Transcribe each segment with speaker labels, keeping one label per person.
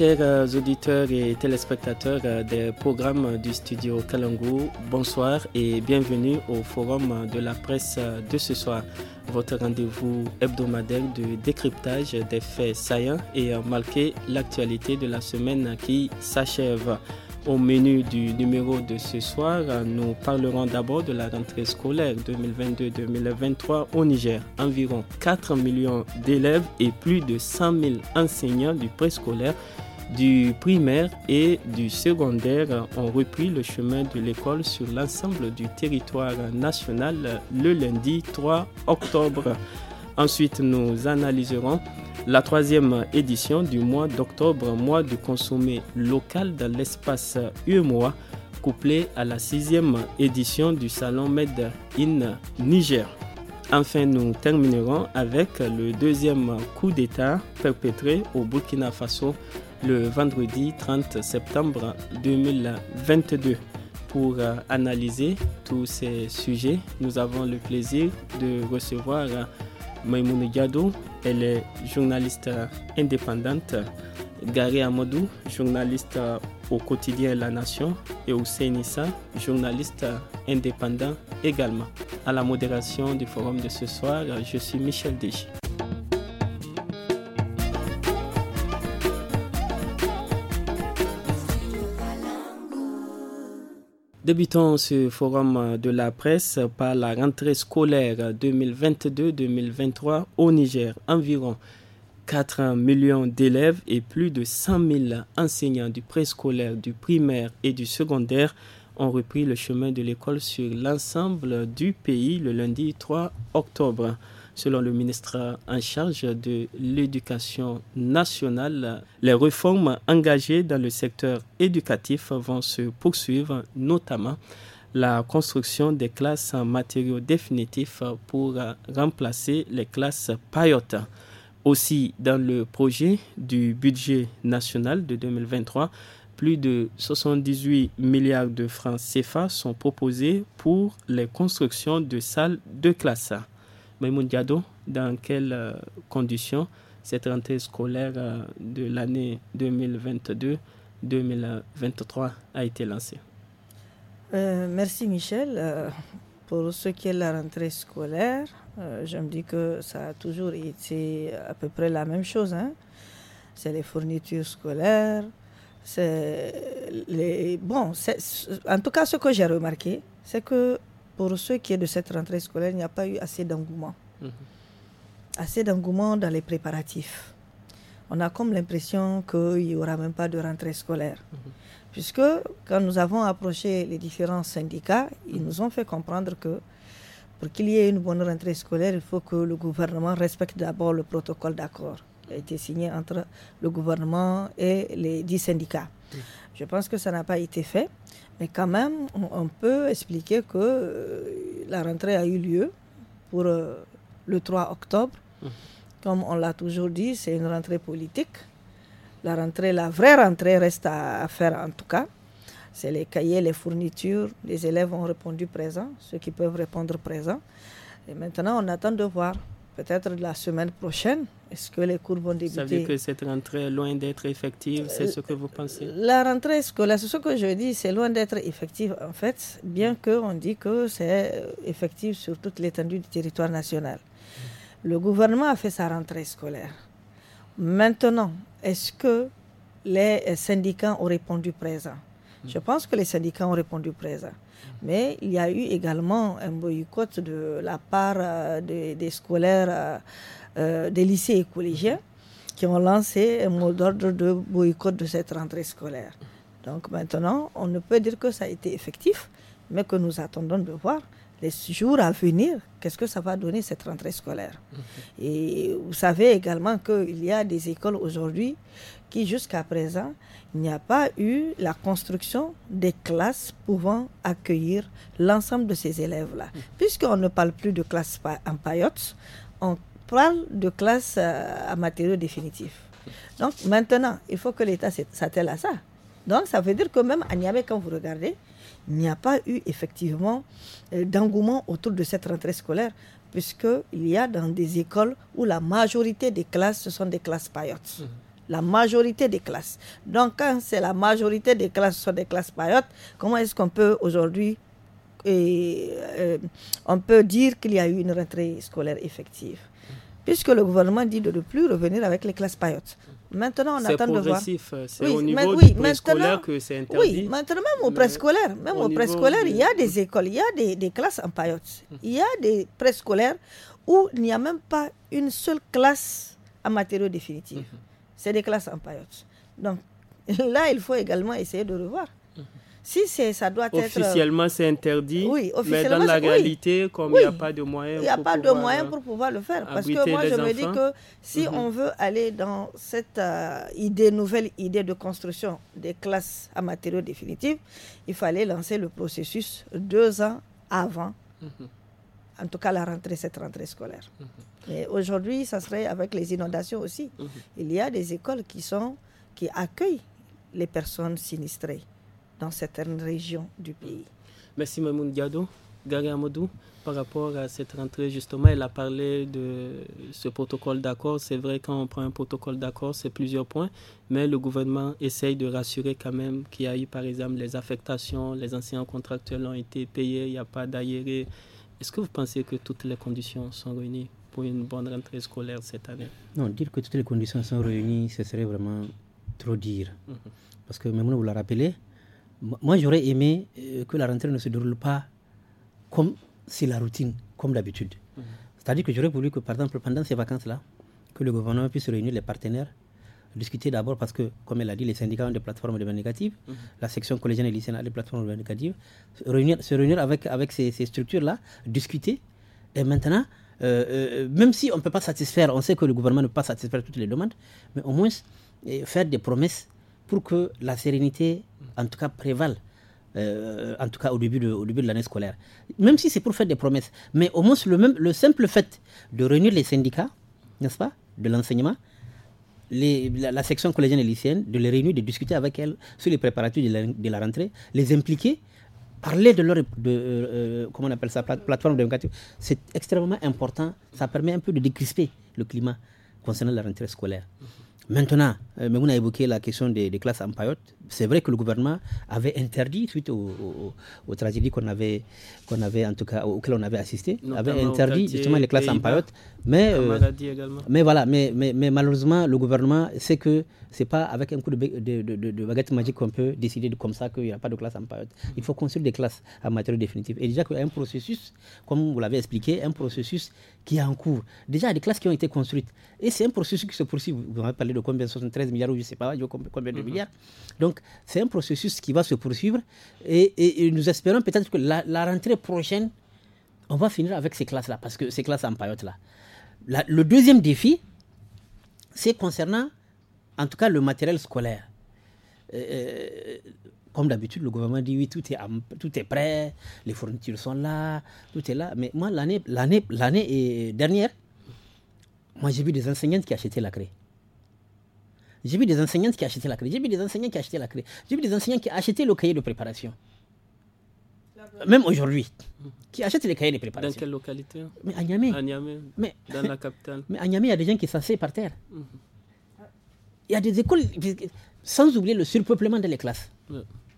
Speaker 1: chers euh, auditeurs et téléspectateurs euh, des programmes euh, du studio Kalangou, bonsoir et bienvenue au forum de la presse de ce soir, votre rendez-vous hebdomadaire de décryptage des faits saillants et marqué l'actualité de la semaine qui s'achève. Au menu du numéro de ce soir, nous parlerons d'abord de la rentrée scolaire 2022-2023 au Niger. Environ 4 millions d'élèves et plus de 100 000 enseignants du préscolaire du primaire et du secondaire ont repris le chemin de l'école sur l'ensemble du territoire national le lundi 3 octobre. Ensuite, nous analyserons la troisième édition du mois d'octobre, mois du consommé local dans l'espace UMOA, couplée à la sixième édition du Salon Med in Niger. Enfin, nous terminerons avec le deuxième coup d'État perpétré au Burkina Faso le vendredi 30 septembre 2022. Pour euh, analyser tous ces sujets, nous avons le plaisir de recevoir euh, Maïmoune Ndiadou, elle est journaliste euh, indépendante, Gary Amadou, journaliste au quotidien La Nation, et au Nissa, journaliste indépendant également. À la modération du forum de ce soir, je suis Michel déchi Débutons ce forum de la presse par la rentrée scolaire 2022-2023 au Niger. Environ 4 millions d'élèves et plus de 100 000 enseignants du préscolaire, du primaire et du secondaire ont repris le chemin de l'école sur l'ensemble du pays le lundi 3 octobre. Selon le ministre en charge de l'éducation nationale, les réformes engagées dans le secteur éducatif vont se poursuivre, notamment la construction des classes en matériaux définitifs pour remplacer les classes payotes. Aussi, dans le projet du budget national de 2023, plus de 78 milliards de francs CFA sont proposés pour les constructions de salles de classe. Maïmoun Diado, dans quelles euh, conditions cette rentrée scolaire euh, de l'année 2022-2023 a été lancée
Speaker 2: euh, Merci Michel. Pour ce qui est de la rentrée scolaire, je me dis que ça a toujours été à peu près la même chose. Hein. C'est les fournitures scolaires, c'est les... Bon, en tout cas, ce que j'ai remarqué, c'est que pour ce qui est de cette rentrée scolaire, il n'y a pas eu assez d'engouement. Mhm. Assez d'engouement dans les préparatifs. On a comme l'impression qu'il n'y aura même pas de rentrée scolaire. Mhm. Puisque quand nous avons approché les différents syndicats, ils nous ont fait comprendre que pour qu'il y ait une bonne rentrée scolaire, il faut que le gouvernement respecte d'abord le protocole d'accord qui a été signé entre le gouvernement et les dix syndicats. Je pense que ça n'a pas été fait. Mais quand même, on, peut expliquer que euh, la rentrée a eu lieu pour euh, le 3 octobre. Mhm. Comme on l'a toujours dit, c'est une rentrée politique. La rentrée, la vraie rentrée reste à, faire en tout cas. C'est les cahiers, les fournitures. Les élèves ont répondu présents, ceux qui peuvent répondre présent. Et maintenant, on attend de voir. Peut-être la semaine prochaine, est-ce que les cours vont débuter Ça veut que
Speaker 1: cette rentrée est loin d'être effective, c'est ce que vous pensez euh,
Speaker 2: La rentrée scolaire, c'est ce que je dis, c'est loin d'être effective en fait, bien qu'on dit que c'est effectif sur toute l'étendue du territoire national. Le gouvernement a fait sa rentrée scolaire. Maintenant, est-ce que les syndicats ont répondu présent je mm. pense que les syndicats ont répondu présent. Mais il y a eu également un boycott de la part euh, des scolaires euh, euh, des lycées et collégiens qui ont lancé un mot d'ordre de boycott de cette rentrée scolaire. Donc maintenant, on ne peut dire que ça a été effectif, mais que nous attendons de voir les jours à venir, qu'est-ce que ça va donner cette rentrée scolaire. Et vous savez également qu'il y a des écoles aujourd'hui qui, jusqu'à présent, n'y a pas eu la construction des classes pouvant accueillir l'ensemble de ces élèves-là. Mm. Puisqu'on ne parle plus de classes en paillotes, on parle de classe euh, à matériaux définitifs. Donc maintenant, il faut que l'État s'attelle à ça. Donc ça veut dire que même à Niamey, quand vous regardez, il n'y a pas eu effectivement euh, d'engouement autour de cette rentrée scolaire, puisqu'il y a dans des écoles où la majorité des classes, ce sont des classes payotes. Mmh. La majorité des classes. Donc quand c'est la majorité des classes, ce sont des classes payotes, comment est-ce qu'on peut aujourd'hui euh, on peut dire qu'il y a eu une rentrée scolaire effective puisque le gouvernement dit de ne plus revenir avec les classes payotes. Maintenant, on attend de voir. Euh, c'est progressif, c'est au niveau que c'est interdit. Oui, maintenant, même au préscolaire, même au, il y a des écoles, il y a des, classes en payotes, hum. Il y a des préscolaires où il n'y a même pas une seule classe en matériaux définitifs. Hum. C'est des classes en paillotes. Donc, là, il faut également essayer de revoir. Hum. Si c'est, ça doit être. Officiellement,
Speaker 1: c'est interdit. Oui, officiellement. Mais dans la réalité, comme il n'y a pas de moyens. Il n'y a pas de moyens pour
Speaker 2: pouvoir le faire. Parce que moi, je me dis que si mhm. on veut aller dans cette euh, idée, nouvelle idée de construction des classes à matériaux définitifs, il fallait lancer le processus deux ans avant. Mhm. en tout cas la rentrée, cette rentrée scolaire. Mhm. mais Et aujourd'hui, ça serait avec les inondations aussi. Il y a des écoles qui sont qui accueillent les personnes sinistrées dans certaines régions du
Speaker 1: pays. Merci Mamoun Diado. Amodou, par rapport à cette rentrée, justement, elle a parlé de ce protocole d'accord. C'est vrai, quand on prend un protocole d'accord, c'est plusieurs points, mais le gouvernement essaye de rassurer quand même qu'il y a eu, par exemple, les affectations, les anciens contractuels ont été payés, il n'y a pas d'aéré. Est-ce que vous pensez que toutes les conditions sont réunies pour une bonne rentrée scolaire cette année
Speaker 3: Non, dire que toutes les conditions sont réunies, ce serait vraiment trop dire. Mhm. Parce que, même vous l'a rappelé, moi, j'aurais aimé euh, que la rentrée ne se déroule pas comme c'est la routine, comme d'habitude. Mhm. C'est-à-dire que j'aurais voulu que, par exemple, pendant ces vacances-là, que le gouvernement puisse réunir les partenaires, discuter d'abord parce que, comme elle l'a dit, les syndicats ont des plateformes de négatives, mhm. la section collégienne et lycéenne a des plateformes de négatives, se réunir, avec, ces, structures-là, discuter, et maintenant, euh, euh, même si on ne peut pas satisfaire, on sait que le gouvernement ne peut pas satisfaire toutes les demandes, mais au moins faire des promesses pour que la sérénité, en tout cas, prévale. Euh, en tout cas au début de, l'année scolaire. Même si c'est pour faire des promesses, mais au moins le, simple fait de réunir les syndicats, n'est-ce pas, de l'enseignement, la, section collégienne et lycéenne, de les réunir, de discuter avec elles sur les préparatifs de la, rentrée, les impliquer, parler de leur euh, euh, comment on appelle ça, plateforme démocratique, c'est extrêmement important. Ça permet un peu de décrisper le climat concernant la rentrée scolaire. Maintenant, euh, on a évoqué la question des, classes en C'est vrai que le gouvernement avait interdit, suite aux tragédies qu'on avait, qu'on avait, en tout cas, auxquelles on avait assisté, avait interdit justement les classes en Mais, euh, mais voilà, mais, mais, malheureusement, le gouvernement sait que c'est pas avec un coup de, de, baguette magique qu'on peut décider de, comme ça qu'il n'y a pas de classe en mm-hmm. Il faut construire des classes en matière définitive. Et déjà qu'il y a un processus, comme vous l'avez expliqué, un processus qui est en cours. Déjà, il y a des classes qui ont été construites. Et c'est un processus qui se poursuit. Vous avez parlé de combien 73 milliards ou je ne sais pas, combien de mhm. milliards. Donc, c'est un processus qui va se poursuivre et, nous espérons peut-être que la, rentrée prochaine, on va finir avec ces classes-là, parce que ces classes en paillotte-là. Le deuxième défi, c'est concernant, en tout cas, le matériel scolaire. Euh, euh, comme d'habitude, le gouvernement dit oui, tout est, tout est prêt, les fournitures sont là, tout est là. Mais moi, l'année dernière, moi, j'ai vu des enseignantes qui achetaient la craie. J'ai vu des enseignantes qui achetaient la J'ai vu des enseignants qui achetaient la clé. J'ai vu des enseignants qui achetaient le cahier de préparation. Même aujourd'hui, qui achètent les cahiers de préparation. Dans quelle localité à Niamey. dans la capitale. Mais à Niamey, il y a des gens qui s'asseyent par terre. Mhm. Il y a des écoles, sans oublier le surpeuplement dans les classes.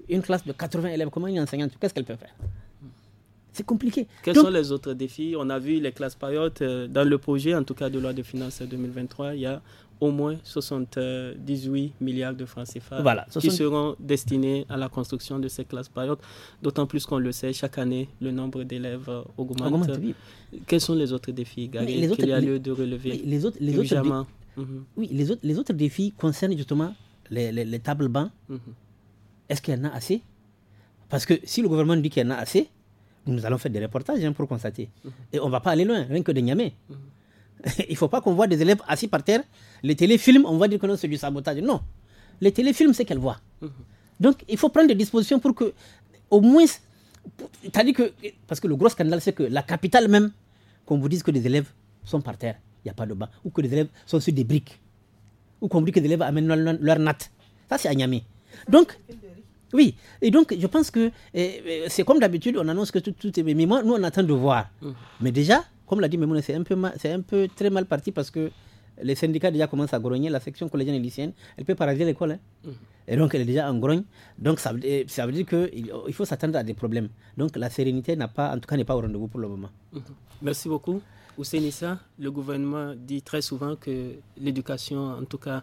Speaker 3: Une classe de 80 élèves, comment une enseignante, qu'est-ce qu'elle peut faire c'est compliqué. Quels sont les
Speaker 1: autres défis On a vu les classes payotes euh, dans le projet, en tout cas de loi de finances 2023. Il y a au moins 78 milliards de francs CFA qui seront destinés à la construction de ces classes payantes, d'autant plus qu'on le sait, chaque année, le nombre d'élèves euh, augmente. Quels sont les autres défis, Gary, qu'il y a lieu de relever les autres, les mhm.
Speaker 3: Oui, les autres, défis concernent justement les, tables bancs. Mhm. Est-ce qu'il y en a assez Parce que si le gouvernement dit qu'il y en a assez, nous allons faire des reportages hein, pour constater. Mhm. Et on ne va pas aller loin, rien que de Niamey. il ne faut pas qu'on voit des élèves assis par terre. Les téléfilms, on va dire que c'est du sabotage. Non. Les téléfilms, c'est qu'elles voient. Mhm. Donc, il faut prendre des dispositions pour que, au moins, as dit que, parce que le gros scandale, c'est que la capitale même, qu'on vous dise que les élèves sont par terre, il n'y a pas de bas. ou que les élèves sont sur des briques, ou qu'on vous dise que les élèves amènent leur, natte. Ça, c'est à Niamey. Donc, oui, et donc je pense que eh, eh, c'est comme d'habitude, on annonce que tout, est. Mais nous, on attend de voir. Mhm. Mais déjà, comme l'a dit Memoune, c'est un, peu très mal parti parce que les syndicats déjà commencent à grogner, la section collégienne et lycéenne, elle peut paralyser l'école. Hein. Mm. Et donc, elle est déjà en grogne. Donc, ça, veut dire qu'il faut s'attendre à des problèmes. Donc, la sérénité n'a pas, en tout cas, n'est pas au rendez-vous pour le moment.
Speaker 1: Mm-hmm. Merci beaucoup. Ousenissa, le gouvernement dit très souvent que l'éducation, en tout cas,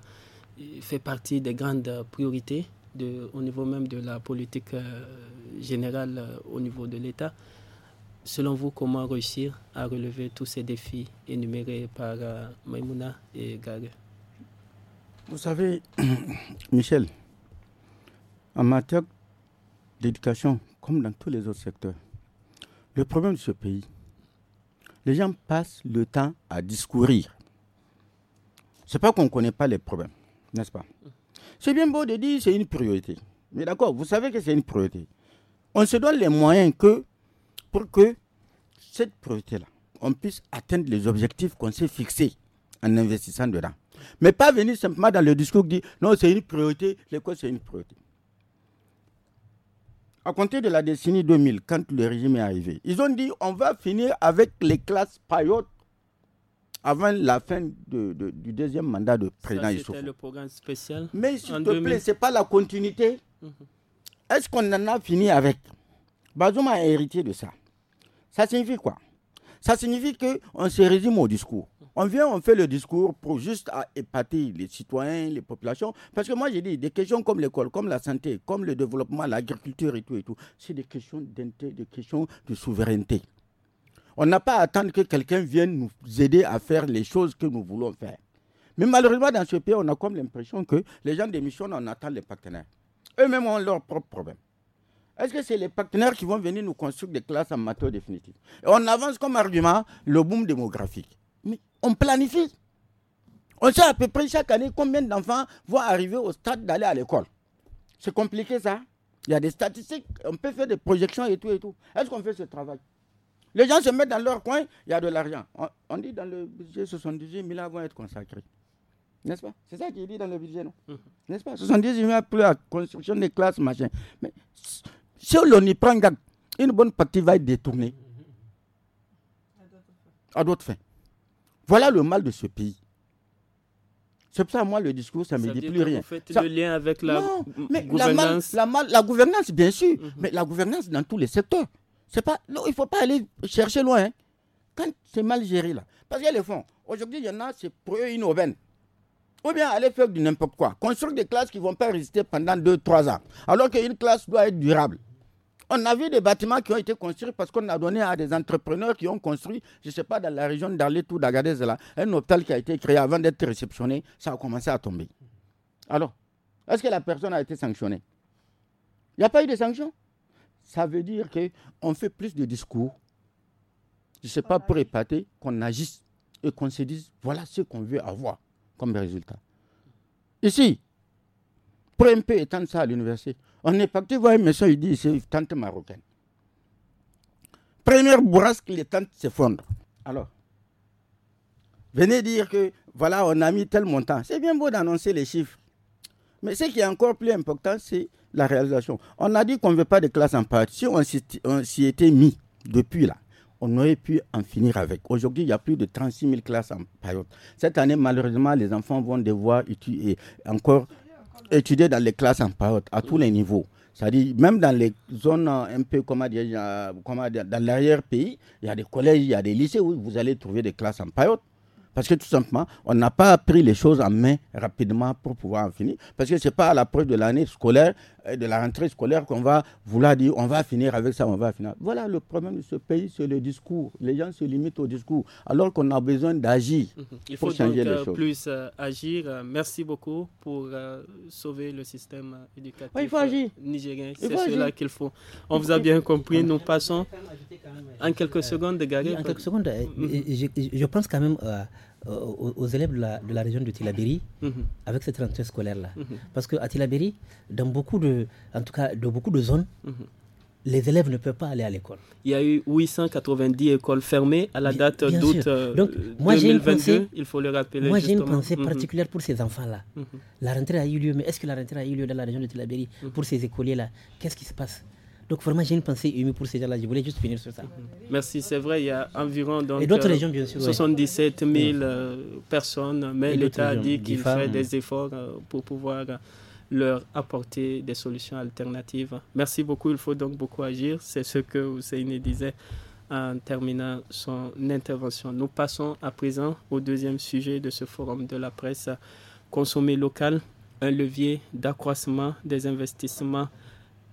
Speaker 1: fait partie des grandes priorités de, au niveau même de la politique euh, générale euh, au niveau de l'État. Selon vous, comment réussir à relever tous ces défis énumérés par euh, Maïmouna et Gare
Speaker 4: Vous savez, Michel, en matière d'éducation, comme dans tous les autres secteurs, le problème de ce pays, les gens passent le temps à discourir. C'est pas qu'on ne connaît pas les problèmes, n'est-ce pas C'est bien beau de dire que c'est une priorité. Mais d'accord, vous savez que c'est une priorité. On se donne les moyens que pour que cette priorité-là, on puisse atteindre les objectifs qu'on s'est fixés en investissant dedans. Mais pas venir simplement dans le discours qui dit non, c'est une priorité, l'école c'est une priorité. À compter de la décennie 2000, quand le régime est arrivé, ils ont dit on va finir avec les classes payotes avant la fin du deuxième mandat de président
Speaker 1: programme spécial. Mais s'il te plaît, ce n'est
Speaker 4: pas la continuité. Mhm. Est-ce qu'on en a fini avec Bazouma a hérité de ça. Ça signifie quoi Ça signifie qu'on se résume au discours. On vient, on fait le discours pour juste à épater les citoyens, les populations. Parce que moi, j'ai dit, des questions comme l'école, comme la santé, comme le développement, l'agriculture et tout, et tout, c'est des questions d'intérêt, des questions de souveraineté. On n'a pas à attendre que quelqu'un vienne nous aider à faire les choses que nous voulons faire. Mais malheureusement, dans ce pays, on a comme l'impression que les gens démissionnent, on attend les partenaires. Eux-mêmes ont leurs propres problèmes. Est-ce que c'est les partenaires qui vont venir nous construire des classes en matos définitifs on avance comme argument le boom démographique. Mais on planifie. On sait à peu près chaque année combien d'enfants vont arriver au stade d'aller à l'école. C'est compliqué ça. Il y a des statistiques, on peut faire des projections et tout et tout. Est-ce qu'on fait ce travail Les gens se mettent dans leur coin, il y a de l'argent. On, dit dans le budget 78 000 vont être consacrés. N'est-ce pas C'est ça qu'il dit dans le budget, non mmh. N'est-ce pas 78 000 pour la construction des classes, machin. Mais si on y prend garde, une bonne partie va être détournée à d'autres fins. Voilà le mal de ce pays. C'est pour ça, moi, le discours, ça ne me dit plus rien. Vous faites le lien
Speaker 1: avec la gouvernance.
Speaker 4: La, la, gouvernance, bien sûr, mhm. mais la gouvernance dans tous les secteurs. pas, non, il ne faut pas aller chercher loin. Hein. Quand c'est mal géré, là. Parce qu'il y a Aujourd'hui, il y en a, c'est pour eux une Ou bien aller faire du n'importe quoi. Construire des classes qui ne vont pas résister pendant 2-3 ans. Alors qu'une classe doit être durable. On a vu des bâtiments qui ont été construits parce qu'on a donné à des entrepreneurs qui ont construit, je ne sais pas, dans la région d'Arletou, d'Agadez, un hôpital qui a été créé avant d'être réceptionné, ça a commencé à tomber. Alors, est-ce que la personne a été sanctionnée Il n'y a pas eu de sanction. Ça veut dire qu'on fait plus de discours, je ne sais pas, pour épater, qu'on agisse et qu'on se dise, voilà ce qu'on veut avoir comme résultat. Ici, pour un peu étendre ça à l'université, on est parti voir un monsieur, il dit c'est une tente marocaine. Première bourrasque, les tentes s'effondrent. Alors, venez dire que voilà, on a mis tel montant. C'est bien beau d'annoncer les chiffres. Mais ce qui est encore plus important, c'est la réalisation. On a dit qu'on ne veut pas de classe en part. Si on s'y était mis depuis là, on aurait pu en finir avec. Aujourd'hui, il y a plus de 36 000 classes en période. Cette année, malheureusement, les enfants vont devoir étudier encore étudier dans les classes en parole à tous les niveaux. C'est-à-dire, même dans les zones euh, un peu, comment dire, euh, comment dire dans l'arrière-pays, il y a des collèges, il y a des lycées où vous allez trouver des classes en période parce que tout simplement, on n'a pas pris les choses en main rapidement pour pouvoir en finir. Parce que ce n'est pas à l'approche de l'année scolaire, euh, de la rentrée scolaire, qu'on va vouloir dire on va finir avec ça, on va finir. Voilà le problème de ce pays, c'est le discours. Les gens se limitent au discours, alors qu'on a besoin d'agir mhm. Il faut pour changer les euh, choses.
Speaker 1: plus euh, agir. Merci beaucoup pour sauver le système éducatif il faut agir. nigérien. C'est cela qu'il faut. On vous a bien compris. Nous passons en quelques secondes de Gary. En quelques secondes,
Speaker 3: je, pense quand même. Euh, aux, élèves de la, région de Tilabéry mhm. avec cette rentrée scolaire-là. Mhm. Parce qu'à Tilabéry, dans beaucoup de, en tout cas, de beaucoup de zones, mhm. les élèves ne peuvent pas aller à l'école.
Speaker 1: Il y a eu 890 écoles fermées à la date d'août euh, j'ai 2022, pensée, il faut le rappeler. Moi, j'ai une pensée particulière
Speaker 3: pour ces enfants-là. La rentrée a eu lieu, mais est-ce que la rentrée a eu lieu dans la région de Tilabéry pour ces écoliers-là Qu'est-ce qui se passe donc vraiment, j'ai une pensée émue pour ces gens-là. Je voulais juste finir sur ça. Mhm.
Speaker 1: Merci, c'est vrai, il y a environ donc, 77 000 euh, euh, personnes, mais l'État a dit qu'il ferait des efforts euh, pour pouvoir leur apporter des solutions alternatives. Merci beaucoup, il faut donc beaucoup agir. C'est ce que Hussein disait en terminant son intervention. Nous passons à présent au deuxième sujet de ce forum de la presse, consommer local, un levier d'accroissement des investissements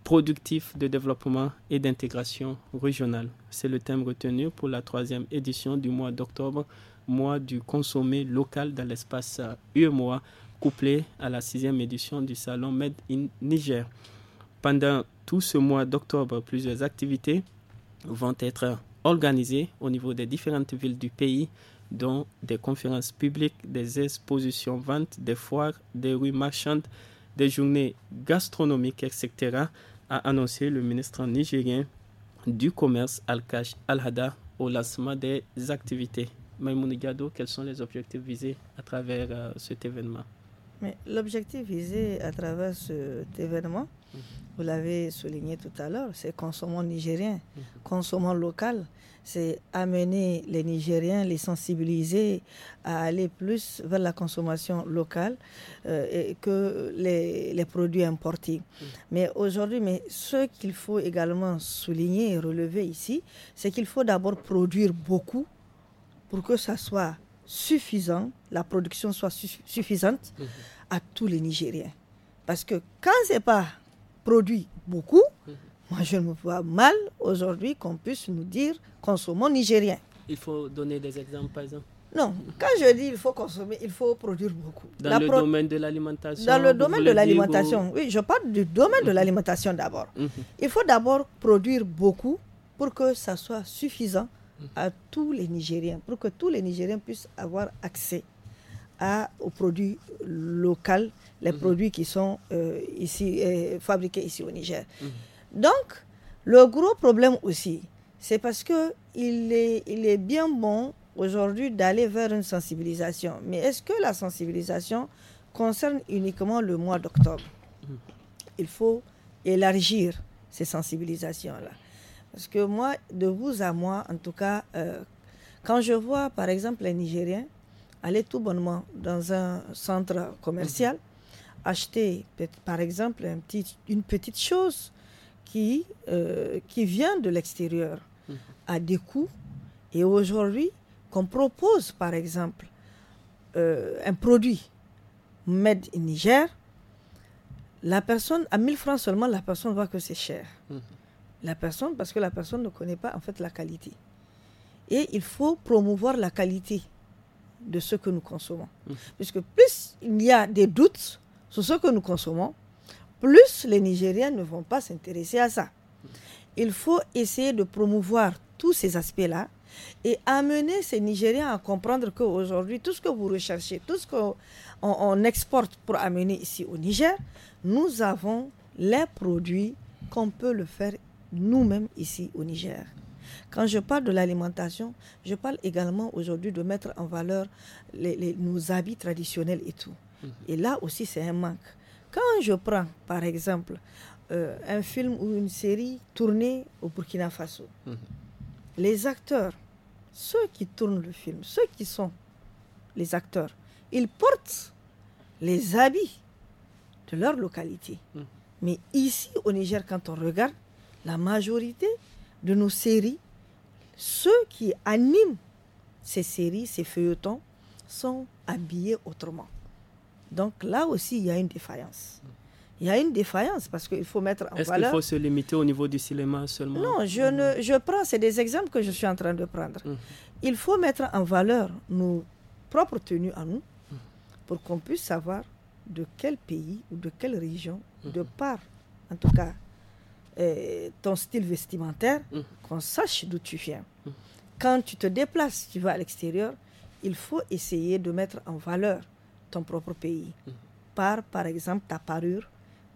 Speaker 1: productif de développement et d'intégration régionale. C'est le thème retenu pour la troisième édition du mois d'octobre, mois du consommé local dans l'espace UMOA, euh, couplé à la sixième édition du salon Med in Niger. Pendant tout ce mois d'octobre, plusieurs activités vont être organisées au niveau des différentes villes du pays, dont des conférences publiques, des expositions ventes, des foires, des rues marchandes, des journées gastronomiques, etc a annoncé le ministre nigérien du Commerce Al-Kash Al-Hada au lancement des activités. Maïmoun Gado, quels sont les objectifs visés à travers euh, cet événement
Speaker 2: L'objectif visé à travers cet événement, mhm vous l'avez souligné tout à l'heure, c'est consommant nigérien, consommant local, c'est amener les Nigériens, les sensibiliser à aller plus vers la consommation locale euh, et que les, les, produits importés. Mais aujourd'hui, mais ce qu'il faut également souligner et relever ici, c'est qu'il faut d'abord produire beaucoup pour que ça soit suffisant, la production soit suffisante à tous les Nigériens. Parce que quand n'est pas produit beaucoup. Mhm. Moi, je me vois mal aujourd'hui qu'on puisse nous dire consommons nigérien.
Speaker 1: Il faut donner des exemples, par exemple.
Speaker 2: Non, quand je dis il faut consommer, il faut produire beaucoup.
Speaker 1: Dans le domaine de l'alimentation. Dans le domaine de l'alimentation,
Speaker 2: oui, je parle du domaine de mhm. l'alimentation d'abord. Mhm. Il faut d'abord produire beaucoup pour que ça soit suffisant à tous les Nigériens, pour que tous les Nigériens puissent avoir accès aux produits locaux les mhm. produits qui sont euh, ici, euh, fabriqués ici au Niger. Mhm. Donc, le gros problème aussi, c'est parce qu'il est, il est bien bon aujourd'hui d'aller vers une sensibilisation. Mais est-ce que la sensibilisation concerne uniquement le mois d'octobre mhm. Il faut élargir ces sensibilisations-là. Parce que moi, de vous à moi, en tout cas, euh, quand je vois par exemple les Nigériens aller tout bonnement dans un centre commercial, acheter, par exemple, un petit, une petite chose qui, euh, qui vient de l'extérieur mhm. à des coûts. Et aujourd'hui, qu'on propose, par exemple, euh, un produit made Niger, la personne, à 1000 francs seulement, la personne voit que c'est cher. Mhm. La personne, parce que la personne ne connaît pas en fait la qualité. Et il faut promouvoir la qualité de ce que nous consommons. Mhm. Puisque plus il y a des doutes, sur ce que nous consommons, plus les Nigériens ne vont pas s'intéresser à ça. Il faut essayer de promouvoir tous ces aspects-là et amener ces Nigériens à comprendre qu'aujourd'hui, tout ce que vous recherchez, tout ce qu'on exporte pour amener ici au Niger, nous avons les produits qu'on peut le faire nous-mêmes ici au Niger. Quand je parle de l'alimentation, je parle également aujourd'hui de mettre en valeur nos habits traditionnels et tout. Et là aussi, c'est un manque. Quand je prends, par exemple, euh, un film ou une série tournée au Burkina Faso, mhm. les acteurs, ceux qui tournent le film, ceux qui sont les acteurs, ils portent les habits de leur localité. Mhm. Mais ici, au Niger, quand on regarde, la majorité de nos séries, ceux qui animent ces séries, ces feuilletons, sont habillés autrement. Donc là aussi, il y a une défaillance. Il y a une défaillance parce qu'il faut mettre en Est-ce qu'il faut se
Speaker 1: limiter au niveau du cinéma seulement Non, je,
Speaker 2: ne, je prends, c'est des exemples que je suis en train de prendre. Mm. Il faut mettre en valeur nos propres tenues à nous pour qu'on puisse savoir de quel pays ou de quelle région, mm-hmm. de par, en tout cas, euh, ton style vestimentaire, mm. qu'on sache d'où tu viens. Mm. Quand tu te déplaces, tu vas à l'extérieur, il faut essayer de mettre en valeur ton propre pays. Mhm. Par, par exemple, ta parure,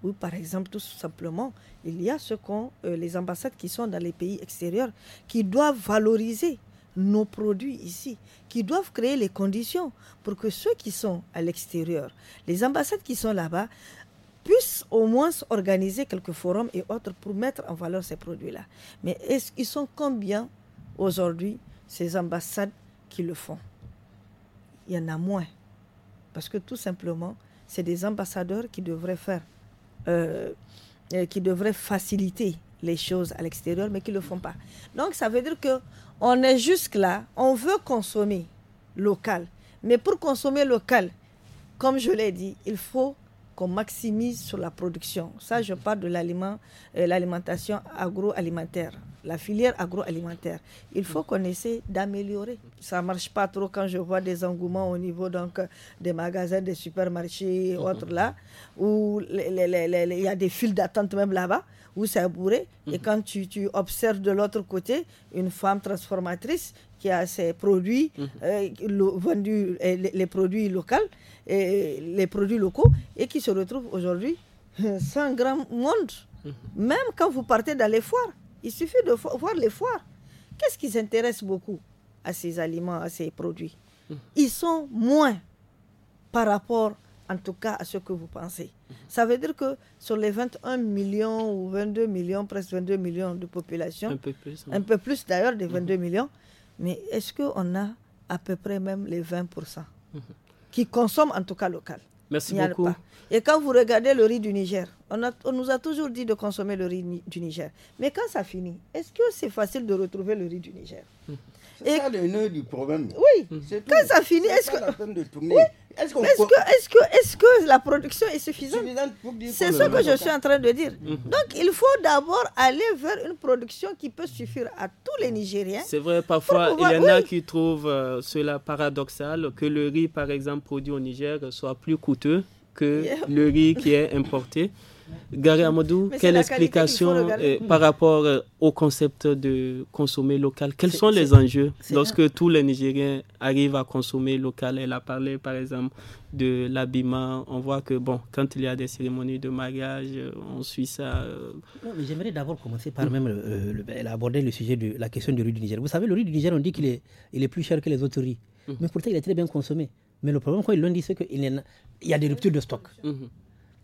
Speaker 2: ou par exemple, tout simplement, il y a ce qu'ont euh, les ambassades qui sont dans les pays extérieurs, qui doivent valoriser nos produits ici, qui doivent créer les conditions pour que ceux qui sont à l'extérieur, les ambassades qui sont là-bas, puissent au moins organiser quelques forums et autres pour mettre en valeur ces produits-là. Mais est-ce qu'ils sont combien aujourd'hui ces ambassades qui le font Il y en a moins. Parce que tout simplement, c'est des ambassadeurs qui devraient faire, euh, euh, qui devraient faciliter les choses à l'extérieur, mais qui ne le font pas. Donc ça veut dire qu'on est jusque là, on veut consommer local, mais pour consommer local, comme je l'ai dit, il faut qu'on maximise sur la production. Ça, je parle de l'aliment, euh, l'alimentation agroalimentaire la filière agroalimentaire. Il faut qu'on essaie d'améliorer. Ça ne marche pas trop quand je vois des engouements au niveau donc, des magasins, des supermarchés mhm. autres là, où il y a des files d'attente même là-bas, où c'est bourré. Et mhm. quand tu, observes de l'autre côté une femme transformatrice qui a ses produits, mhm. euh, vendu, les, produits locaux, et les produits locaux, et qui se retrouve aujourd'hui sans euh, grand monde. Même quand vous partez dans les foires, il suffit de voir les foires. Qu'est-ce qui s'intéresse beaucoup à ces aliments, à ces produits hmm. Ils sont moins par rapport, en tout cas, à ce que vous pensez. Hmm. Ça veut dire que sur les 21 millions ou 22 millions, presque 22 millions de population, un peu plus, d'ailleurs des 22 hmm. millions, mais est-ce qu'on a à peu près même les 20% qui consomment en tout cas local Merci beaucoup. Et quand vous regardez le riz du Niger, on, nous a toujours dit de consommer le riz du Niger. Mais quand ça finit, est-ce que c'est facile de retrouver le riz du Niger hum. C'est ça le nœud du problème. Oui. Quand ça finit, est-ce que. Est-ce que, est que, est que la production est suffisante, C'est ce que je suis en train de dire. Mm-hmm. Donc il faut d'abord aller vers une production qui peut suffire à tous les Nigériens. C'est vrai, parfois il y en a
Speaker 1: qui trouvent euh, cela paradoxal que le riz, par exemple, produit au Niger soit plus coûteux que le riz qui est importé. Gary Amadou, quelle explication euh, par rapport euh, au concept de consommer local Quels sont les enjeux lorsque tous les Nigériens arrivent à consommer local Elle a parlé par exemple de l'habillement. On voit que bon, quand il y a des cérémonies de mariage, euh, on suit ça.
Speaker 3: J'aimerais d'abord commencer par même euh, le, aborder le sujet de la question du riz du Niger. Vous savez, le riz du Niger, on dit qu'il est, il est plus cher que les autres riz. Mm-hmm. Mais pourtant, il est très bien consommé. Mais le problème, quand ils l'ont dit, c'est qu'il y a des ruptures de stock. Mm-hmm.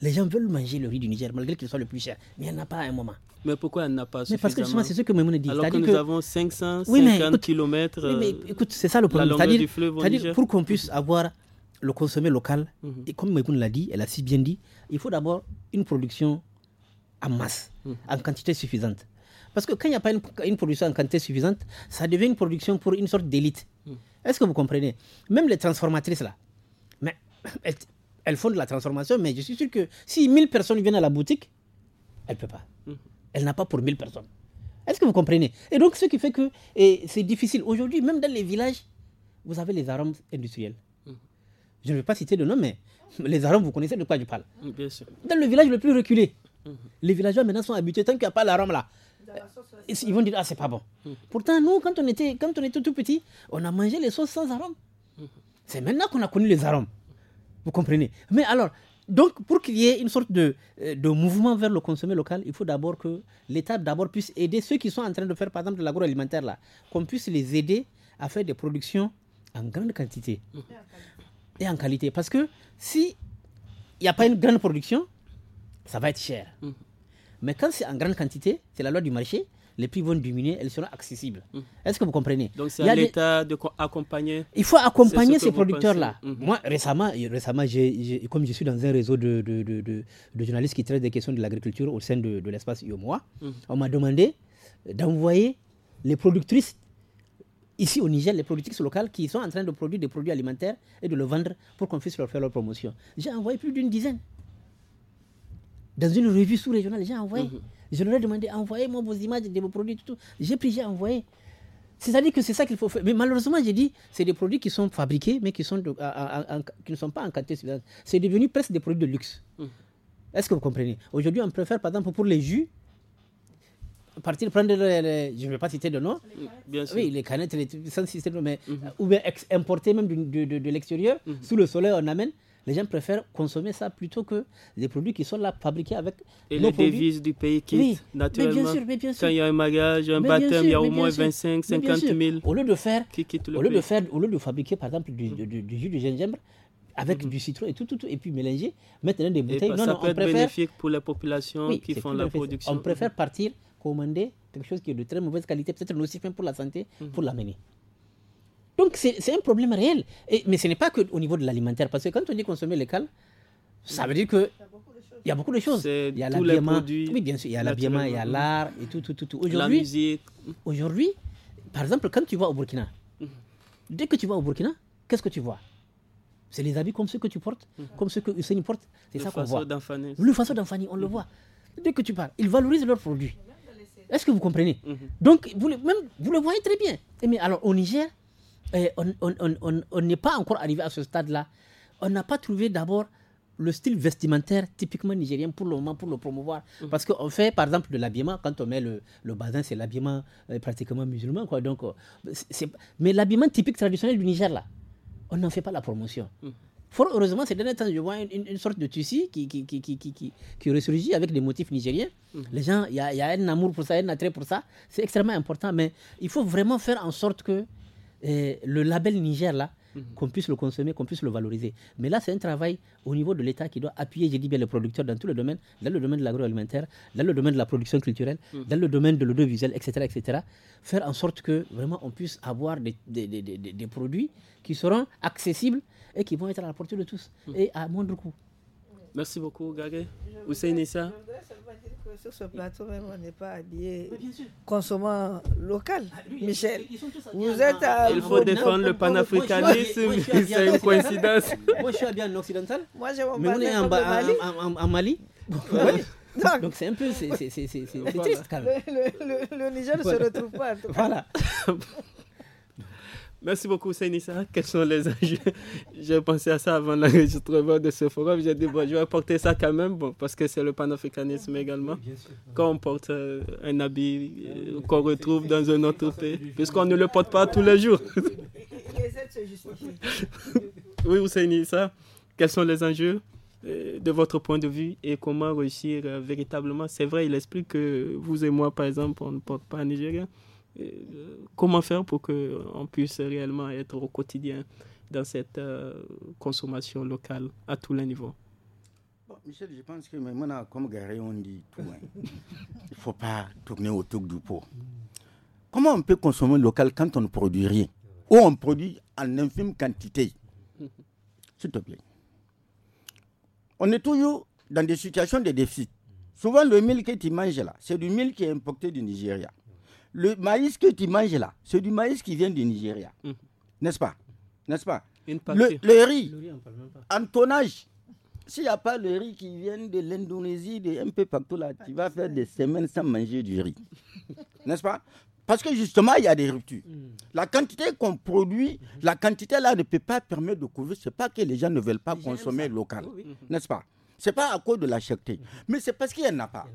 Speaker 3: Les gens veulent manger le riz du Niger, malgré qu'il soit le plus cher. Mais il n'y en a pas à un moment.
Speaker 1: Mais pourquoi il n'y en a pas suffisamment mais Parce que justement, c'est ce que
Speaker 3: a dit. Alors que nous avons
Speaker 1: 550 km. oui, mais euh, écoute,
Speaker 3: c'est ça le problème. C'est-à-dire, pour qu'on puisse avoir le consommé local, mhm. et comme Mémoune l'a dit, elle a si bien dit, il faut d'abord une production en masse, mhm. en quantité suffisante. Parce que quand il n'y a pas une, production en quantité suffisante, ça devient une production pour une sorte d'élite. Mhm. Est-ce que vous comprenez Même les transformatrices, là, mais, elles font de la transformation, mais je suis sûr que si 1000 personnes viennent à la boutique, elle ne peut pas. Mm-hmm. Elle n'a pas pour 1000 personnes. Est-ce que vous comprenez Et donc, ce qui fait que c'est difficile. Aujourd'hui, même dans les villages, vous avez les arômes industriels. Mm-hmm. Je ne vais pas citer de nom, mais les arômes, vous connaissez de quoi je parle. Mm, dans le village le plus reculé, mm-hmm. les villageois maintenant sont habitués, tant qu'il n'y a pas l'arôme là, ils vont dire Ah, c'est pas bon. Mm. Pourtant, nous, quand on, était, quand on était tout petit, on a mangé les sauces sans arôme. C'est maintenant qu'on a connu les arômes. Vous comprenez Mais alors, donc, pour qu'il y ait une sorte euh, de, mouvement vers le consommé local, il faut d'abord que l'État d'abord puisse aider ceux qui sont en train de faire, par exemple, de l'agroalimentaire là, qu'on puisse les aider à faire des productions en grande quantité mmh. et en qualité. Parce que si il n'y a pas une grande production, ça va être cher. Mmh. Mais quand c'est en grande quantité, c'est la loi du marché, les prix vont diminuer, elles seront accessibles. Mm. Est-ce que vous comprenez Donc c'est à l'État
Speaker 1: d'accompagner. Il faut accompagner ces producteurs-là. Mm.
Speaker 3: Moi, récemment, récemment comme je suis dans un réseau de, journalistes qui traitent des questions de l'agriculture au sein de, l'espace IOMOA, mm. on m'a demandé d'envoyer les productrices ici au Niger, les productrices locales qui sont en train de produire des produits alimentaires et de le vendre pour qu'on puisse leur faire leur promotion. J'ai envoyé plus d'une dizaine. Dans une revue sous-régionale, j'ai envoyé. Mm-hmm. Je leur ai demandé, envoyez-moi vos images de vos produits, tout. J'ai pris, j'ai envoyé. C'est-à-dire que c'est ça qu'il faut faire. Mais malheureusement, j'ai dit, c'est des produits qui sont fabriqués, mais qui, ne sont pas en C'est devenu presque des produits de luxe. Hum. Est-ce que vous comprenez Aujourd'hui, on préfère, par exemple, pour les jus, partir prendre, les, je ne vais pas citer de nom, hum, oui, les canettes, les, sans système, mais, hum. euh, ou bien importer même de, l'extérieur, sous le soleil, on amène. Les gens préfèrent consommer ça plutôt que des produits qui sont là fabriqués avec. Et les devises du
Speaker 1: pays quittent naturellement. Mais bien sûr, bien sûr. Quand il y a un mariage, un baptême, il y a au moins 25, 50 000.
Speaker 3: Au lieu de faire, qui au lieu de faire, au lieu de fabriquer par exemple du, mm. du, jus de gingembre, avec mm. du citron et tout, tout, et puis mélanger, mettre des bouteilles. Bah, non, ça on préfère... bénéfique
Speaker 1: pour la population qui font la production. On préfère
Speaker 3: partir commander quelque chose qui est de très mauvaise qualité, peut-être aussi même pour la santé, mm. pour l'amener. Donc c'est un problème réel. mais ce n'est pas qu'au niveau de l'alimentaire, parce que quand on dit consommer local, ça veut dire que... Il y a beaucoup de choses. Il y a l'habillement. Oui, bien sûr. Il y a il y a l'art et tout, tout, tout. Aujourd'hui, par exemple, quand tu vas au Burkina, dès que tu vas au Burkina, qu'est-ce que tu vois C'est les habits comme ceux que tu portes, comme ceux que Hussein porte. C'est ça qu'on voit. Le façon d'Anfani, on le voit. Dès que tu parles, ils valorisent leurs produits. Est-ce que vous comprenez mhm. Donc, vous le, même, vous le voyez très bien. mais alors, au Niger, eh, on n'est pas encore arrivé à ce stade-là. On n'a pas trouvé d'abord le style vestimentaire typiquement nigérien pour le moment, pour le promouvoir. Mhm. Parce qu'on fait, par exemple, de l'habillement. Quand on met le, le bazin, c'est l'habillement euh, pratiquement musulman. Quoi. Donc, euh, mais l'habillement typique traditionnel du Niger, là, on n'en fait pas la promotion. Mhm. heureusement, ces derniers temps, je vois une, sorte de tissu qui, qui, qui, qui, qui ressurgit avec des motifs nigériens. Mhm. Les gens, il y, y a, un amour pour ça, un attrait pour ça. C'est extrêmement important. Mais il faut vraiment faire en sorte que euh, le label Niger là, mhm. qu'on puisse le consommer, qu'on puisse le valoriser. Mais là, c'est un travail au niveau de l'État qui doit appuyer, je dis bien, les producteurs dans tous les domaines, dans le domaine de l'agroalimentaire, dans le domaine de la production culturelle, mhm. dans le domaine de l'audiovisuel, etc., etc. Faire en sorte que vraiment on puisse avoir des, produits qui seront accessibles et qui vont être à la portée de tous mhm. et à moindre coût.
Speaker 1: Merci beaucoup, Gagé.
Speaker 2: Hussein Issa sur ce plateau, même, on n'est pas habillé consommant local. Ah, Michel, vous êtes hein. Il faut défendre le panafricanisme, c'est une coïncidence. Moi, je
Speaker 3: suis habillé en occidental. Moi, j'ai mon Mais on est en, Mali. En, Donc c'est un peu, c'est triste quand même.
Speaker 2: Le, Niger ne se retrouve pas. Voilà.
Speaker 1: Merci beaucoup, Nissa. Quels sont les enjeux J'ai pensé à ça avant l'enregistrement de ce forum. J'ai dit, je vais porter ça quand même, parce que c'est le panafricanisme également. Quand on porte euh, un habit euh, qu'on retrouve dans un autre pays, puisqu'on ne le porte pas tous les jours. oui, ça. quels sont les enjeux euh, de votre point de vue et comment réussir véritablement. C'est vrai, il explique que vous et moi, par exemple, on ne porte pas un Nigérien. Euh, comment faire pour qu'on puisse réellement être au quotidien dans cette euh, consommation locale à tous les niveaux
Speaker 4: Michel, je pense que comme dit hein. il ne faut pas tourner autour du pot. Comment on peut consommer local quand on ne produit rien Ou on produit en infime quantité S'il te plaît. On est toujours dans des situations de déficit. Souvent, le mille que tu manges là, c'est du mille qui est importé du Nigeria le maïs que tu manges là, c'est du maïs qui vient du Nigeria. Hum. N'est-ce pas N'est-ce pas le, riz, en tonnage. S'il n'y a pas le riz qui vient de l'Indonésie, de un peu partout là, tu vas faire des semaines sans manger du riz. N'est-ce pas Parce que justement, il y a des ruptures. Hum. La quantité qu'on produit, hum. la quantité là ne peut pas permettre de couvrir. Ce n'est pas que les gens ne veulent pas consommer local. N'est-ce pas Ce n'est pas à cause de la cherté, mais c'est parce qu'il n'y en a pas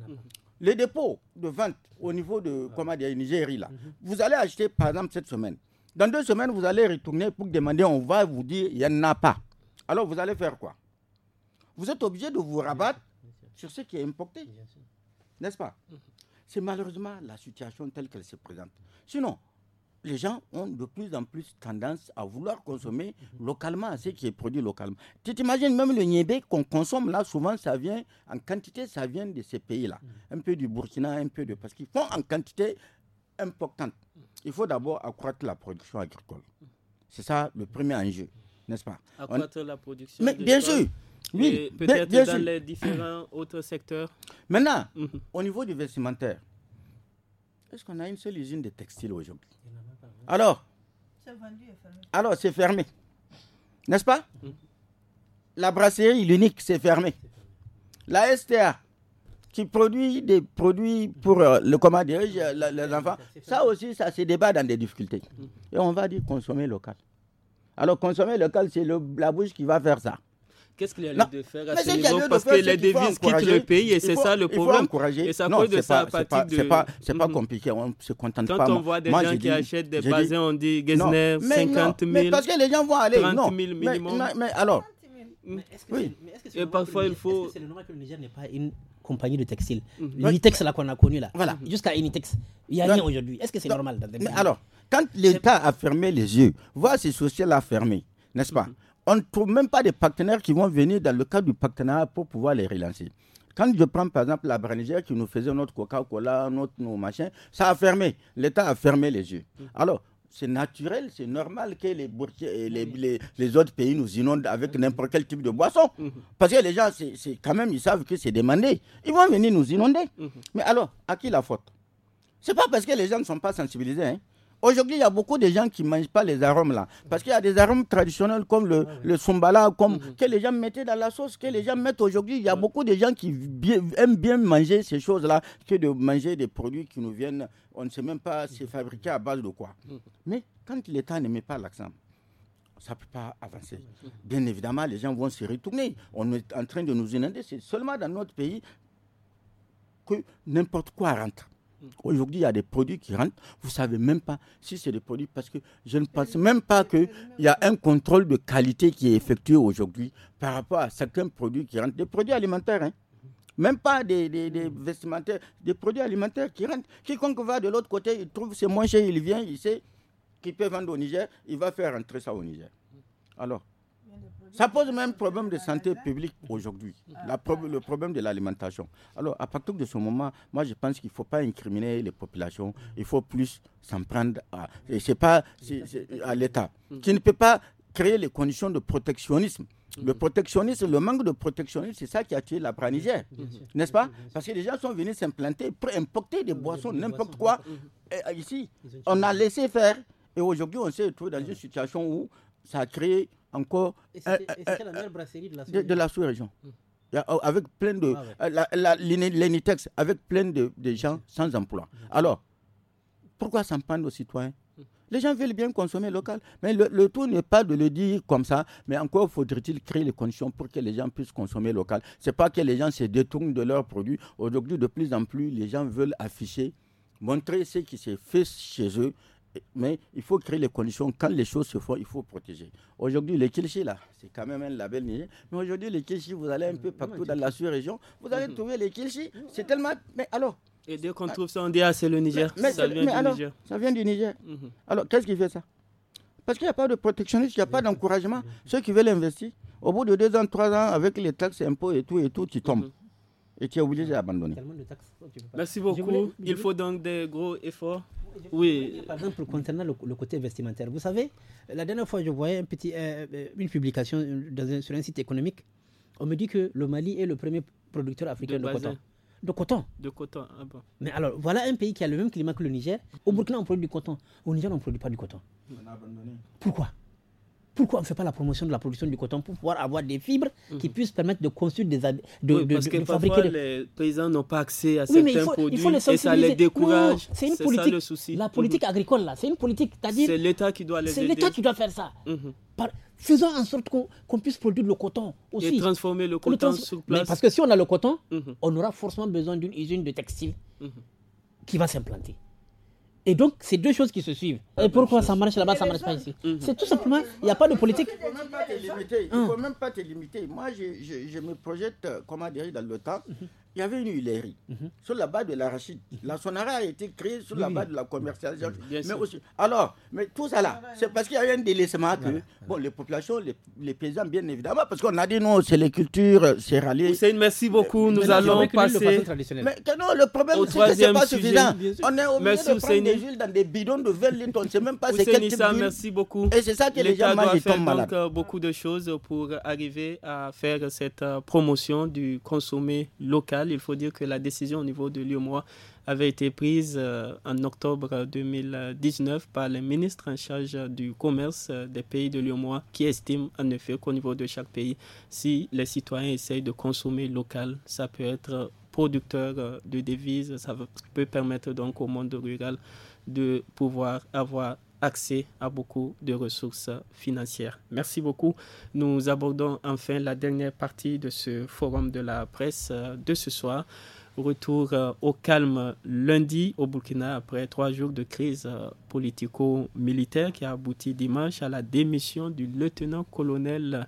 Speaker 4: les dépôts de vente au niveau de comment dire, Nigeria, là, mhm. vous allez acheter par exemple cette semaine. Dans deux semaines, vous allez retourner pour demander, on va vous dire, il n'y en a pas. Alors vous allez faire quoi Vous êtes obligé de vous rabattre sur ce qui est importé. N'est-ce pas mhm. C'est malheureusement la situation telle qu'elle se présente. Sinon, les gens ont de plus en plus tendance à vouloir consommer mhm. localement ce qui est produit localement. Tu t'imagines même le niébé qu'on consomme là, souvent ça vient en quantité, ça vient de ces pays-là. Mhm. Un peu du Burkina, un peu de... Parce qu'ils font en quantité importante. Il faut d'abord accroître la production agricole. Mhm. C'est ça le premier enjeu, n'est-ce pas Accroître la production. Mais bien sûr oui, peut-être dans les
Speaker 1: différents autres secteurs.
Speaker 4: Maintenant, au niveau du vestimentaire, est-ce qu'on a une seule usine de textile aujourd'hui alors Alors, c'est fermé. N'est-ce pas La brasserie, l'unique, c'est fermé. La STA, qui produit des produits pour euh, le comment euh, les enfants, ça aussi, ça se débat dans des difficultés. Mm. Et on va dire consommer local. Alors, consommer local, c'est la bouche qui va faire ça.
Speaker 1: Qu'est-ce qu'il y a lieu de faire à ce niveau Parce que les devises quittent le pays et c'est ça le problème. Et ça cause
Speaker 4: C'est pas hmm. compliqué, on se contente pas. Quand on voit des gens qui achètent des basins, on dit Gesner, 50 000. Mais parce que les gens vont aller. 30 000 minimum. Mais alors.
Speaker 3: est-ce que parfois il faut. C'est le normal que le Niger n'est pas une
Speaker 4: compagnie de textile. Hmm. L'Unitex
Speaker 3: là qu'on a connu là, voilà. Hmm. jusqu'à Unitex,
Speaker 4: il n'y a rien aujourd'hui. Est-ce que c'est normal alors, quand l'État a fermé les yeux, voit ces sociétés là fermées, n'est-ce pas on ne trouve même pas des partenaires qui vont venir dans le cadre du partenariat pour pouvoir les relancer. Quand je prends par exemple la Branigère qui nous faisait notre Coca-Cola, notre, nos machins, ça a fermé. L'État a fermé les yeux. Alors, c'est naturel, c'est normal que les, les, autres pays nous inondent avec n'importe quel type de boisson. Mhm. Parce que les gens, c'est quand même, ils savent que c'est demandé. Ils vont venir nous inonder. Mhm. Mais alors, à qui la faute Ce n'est pas parce que les gens ne sont pas sensibilisés. Hein. Aujourd'hui, il y a beaucoup de gens qui ne mangent pas les arômes là. Parce qu'il y a des arômes traditionnels comme le, ah sombala, comme, mm-hmm. que les gens mettaient dans la sauce, que les gens mettent aujourd'hui. Il y a beaucoup de gens qui aiment bien manger ces choses-là que de manger des produits qui nous viennent. On ne sait même pas c'est mm-hmm. fabriqué à base de quoi. Mm-hmm. Mais quand l'État ne met pas l'accent, ça ne peut pas avancer. Bien évidemment, les gens vont se retourner. On est en train de nous inonder. C'est seulement dans notre pays que n'importe quoi rentre. Aujourd'hui, il y a des produits qui rentrent. Vous ne savez même pas si c'est des produits parce que je ne pense même pas qu'il y a un contrôle de qualité qui est effectué aujourd'hui par rapport à certains produits qui rentrent. Des produits alimentaires, hein. Même pas des, vestimentaires, des produits alimentaires qui rentrent. Quiconque va de l'autre côté, il trouve c'est moins cher, il vient, il sait qu'il peut vendre au Niger, il va faire rentrer ça au Niger. Alors, ça pose même problème de santé publique aujourd'hui, le problème de l'alimentation. Alors, à partir de ce moment, moi, je pense qu'il ne faut pas incriminer les populations, il faut plus s'en prendre à, à l'État, qui ne peut pas créer les conditions de protectionnisme. Le protectionnisme, le manque de protectionnisme, c'est ça qui a tué la branigère, n'est-ce pas Parce que les gens sont venus s'implanter, importer des boissons, n'importe quoi. ici, on a laissé faire. Et aujourd'hui, on s'est retrouve dans une situation où ça a créé encore euh, euh, de la sous-région. Hmm. Euh, avec plein de. Ah la avec plein de, gens sans emploi. Alors, pourquoi s'en prendre aux citoyens hmm. les gens veulent bien consommer local, mais le, le tout n'est pas de le dire comme ça, mais encore faudrait-il créer les conditions pour que les gens puissent consommer local. Ce n'est pas que les gens se détournent de leurs produits. Aujourd'hui, de plus en plus, les gens veulent afficher, montrer ce qui s'est fait chez eux mais il faut créer les conditions. Quand les choses se font, il faut protéger. Aujourd'hui, les Kilchi, là, c'est quand même un label Niger Mais aujourd'hui, les Kilchi, vous allez un peu euh, partout dans la sous-région, vous allez mm-hmm. trouver les Kilchi. C'est tellement. Mais alors Et dès qu'on ah. trouve ça,
Speaker 1: on dit, ah, c'est le Niger. ça, vient du Niger.
Speaker 4: ça vient du Niger. Alors, qu'est-ce qui fait ça Parce qu'il n'y a pas de protectionnisme, il n'y a pas d'encouragement. Mm-hmm. Ceux qui veulent investir, au bout de deux ans, trois ans, avec les taxes, impôts et tout, et tout, tu mm-hmm. tombes. Et tu es obligé d'abandonner.
Speaker 3: Merci beaucoup. Il faut donc des gros efforts oui. par exemple, concernant le, côté vestimentaire, vous savez, la dernière fois, je voyais un petit, euh, euh, une publication euh, sur un site économique. On me dit que le Mali est le premier producteur africain de, coton. De coton.
Speaker 1: De coton. Ah
Speaker 3: Mais alors, voilà un pays qui a le même climat que le Niger. Au Burkina, on produit du coton. Au Niger, on ne produit pas du coton.
Speaker 4: On a abandonné. Pourquoi
Speaker 3: pourquoi on ne fait pas la promotion de la production du coton pour pouvoir avoir des fibres mhm. qui puissent permettre de construire des de, parce que
Speaker 1: les paysans n'ont pas accès à certains produits et ça les décourage. C'est une politique. Ça, souci. La politique
Speaker 3: mhm. agricole là, c'est une politique. C'est l'État qui doit les C'est l'État qui doit faire ça. Mhm. faisons en sorte qu'on puisse produire le coton aussi. Et transformer le coton sur place. parce que si on a le coton, on aura forcément besoin d'une usine de textile qui va s'implanter. Et donc, c'est deux choses qui se suivent. Et bah, pourquoi ça marche là-bas, ça ne marche pas ici hum, hum. C'est tout simplement, il n'y a pas de politique.
Speaker 4: Il ne faut même pas te limiter. Faut hein. même pas te limiter. Moi, je, je, je, me projette, euh, comment dire, dans le temps. Mhm il y avait une huilerie mhm. sur la base de l'arachide. La sonara a été créée sur la base de la commercialisation. mais aussi, alors, mais tout ça là, ah, c'est parce qu'il y a eu un délaissement que bon, les populations, les, paysans, bien évidemment, parce qu'on a dit non, c'est les cultures, euh, c'est rallié. merci beaucoup. nous allons passer. Mais que non, le problème, c'est que c'est pas suffisant. On est au milieu de prendre des huiles dans des bidons de 20 litres, on ne sait même pas c'est quel type Merci Et c'est ça que les gens mangent, ils tombent malades.
Speaker 1: Euh, beaucoup de choses pour arriver à faire cette euh, promotion du consommer local il faut dire que la décision au niveau de l'UMOA avait été prise euh, en octobre 2019 par le ministre en charge du commerce euh, des pays de l'UMOA qui estime en effet qu'au niveau de chaque pays, si les citoyens essayent de consommer local, ça peut être producteur euh, de devises, ça peut permettre donc au monde rural de pouvoir avoir accès à beaucoup de ressources financières. Merci beaucoup. Nous abordons enfin la dernière partie de ce forum de la presse euh, de ce soir. Retour euh, au calme lundi au Burkina après trois jours de crise euh, politico-militaire qui a abouti dimanche à la démission du lieutenant-colonel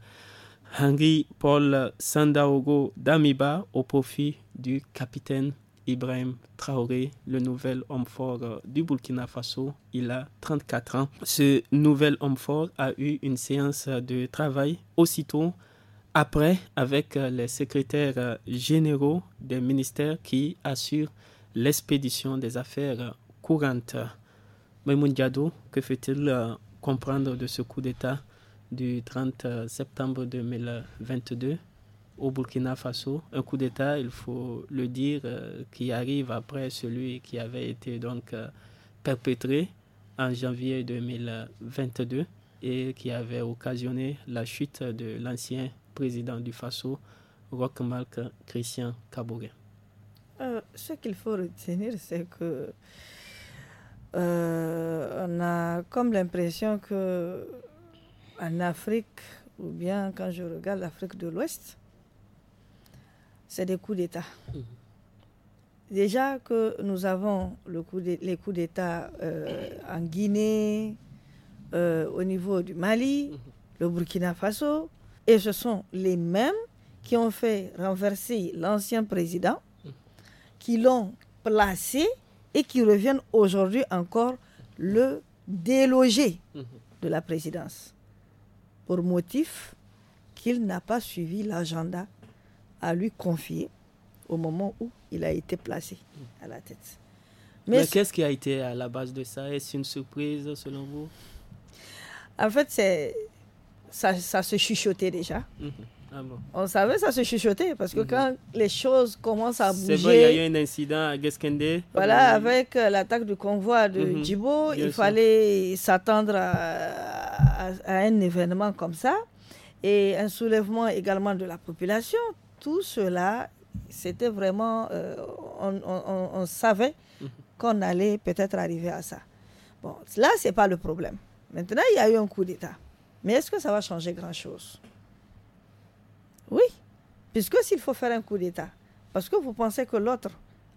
Speaker 1: Henri Paul Sandaogo Damiba au profit du capitaine Ibrahim Traoré, le nouvel homme fort euh, du Burkina Faso. Il a 34 ans. Ce nouvel homme fort a eu une séance de travail aussitôt après avec euh, les secrétaires euh, généraux des ministères qui assurent l'expédition des affaires courantes. Maimoun Diado, que fait-il comprendre de ce coup d'État du 30 septembre 2022 au Burkina Faso, un coup d'État, il faut le dire, euh, qui arrive après celui qui avait été donc euh, perpétré en janvier 2022 et qui avait occasionné la chute de l'ancien président du Faso, Roch-Marc Christian Kabore.
Speaker 2: Euh, ce qu'il faut retenir, c'est que on a comme l'impression que en Afrique, ou bien quand je regarde l'Afrique de l'Ouest, c'est des coups d'État. Mmh. Déjà que nous avons les coups d'État euh, en Guinée, euh, au niveau du Mali, mmh. le Burkina Faso, et ce sont les mêmes qui ont fait renverser l'ancien président, mmh. qui l'ont placé et qui reviennent aujourd'hui encore le déloger de la présidence pour motif qu'il n'a pas suivi l'agenda à lui confier au moment où il a été placé à la tête.
Speaker 1: Mais, qu'est-ce qui a été à la base de ça Est-ce une surprise selon vous
Speaker 2: En fait, c'est ça, ça, se chuchotait déjà. Mm-hmm. Ah On savait ça se chuchotait parce que mm-hmm. quand les choses commencent à bouger. il y a
Speaker 1: eu un incident à Geskende. Voilà, mm-hmm. avec
Speaker 2: euh, l'attaque du convoi de Djibo, il fallait s'attendre à, un événement comme ça et un soulèvement également de la population tout cela, c'était vraiment, euh, on, savait mhm. qu'on allait peut-être arriver à ça. Bon, là, ce n'est pas le problème. Maintenant, il y a eu un coup d'État. Mais est-ce que ça va changer grand-chose Oui, puisque s'il faut faire un coup d'État, parce que vous pensez que l'autre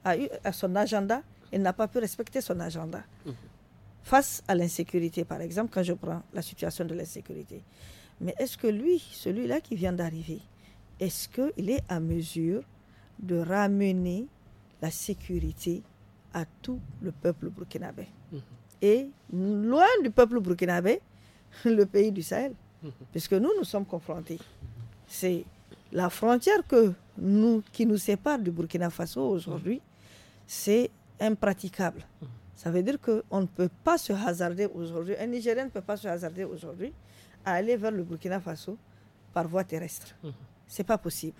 Speaker 2: a eu son agenda, il n'a pas pu respecter son agenda. Mhm. Face à l'insécurité, par exemple, quand je prends la situation de l'insécurité. Mais est-ce que lui, celui-là qui vient d'arriver, est-ce qu'il est à mesure de ramener la sécurité à tout le peuple burkinabé mm-hmm. Et loin du peuple burkinabé, le pays du Sahel, mm-hmm. puisque nous, nous sommes confrontés. C'est la frontière qui nous sépare du Burkina Faso aujourd'hui, mm-hmm. c'est impraticable. Ça veut dire qu'on ne peut pas se hasarder aujourd'hui, un Nigérien ne peut pas se hasarder aujourd'hui à aller vers le Burkina Faso par voie terrestre. C'est pas possible.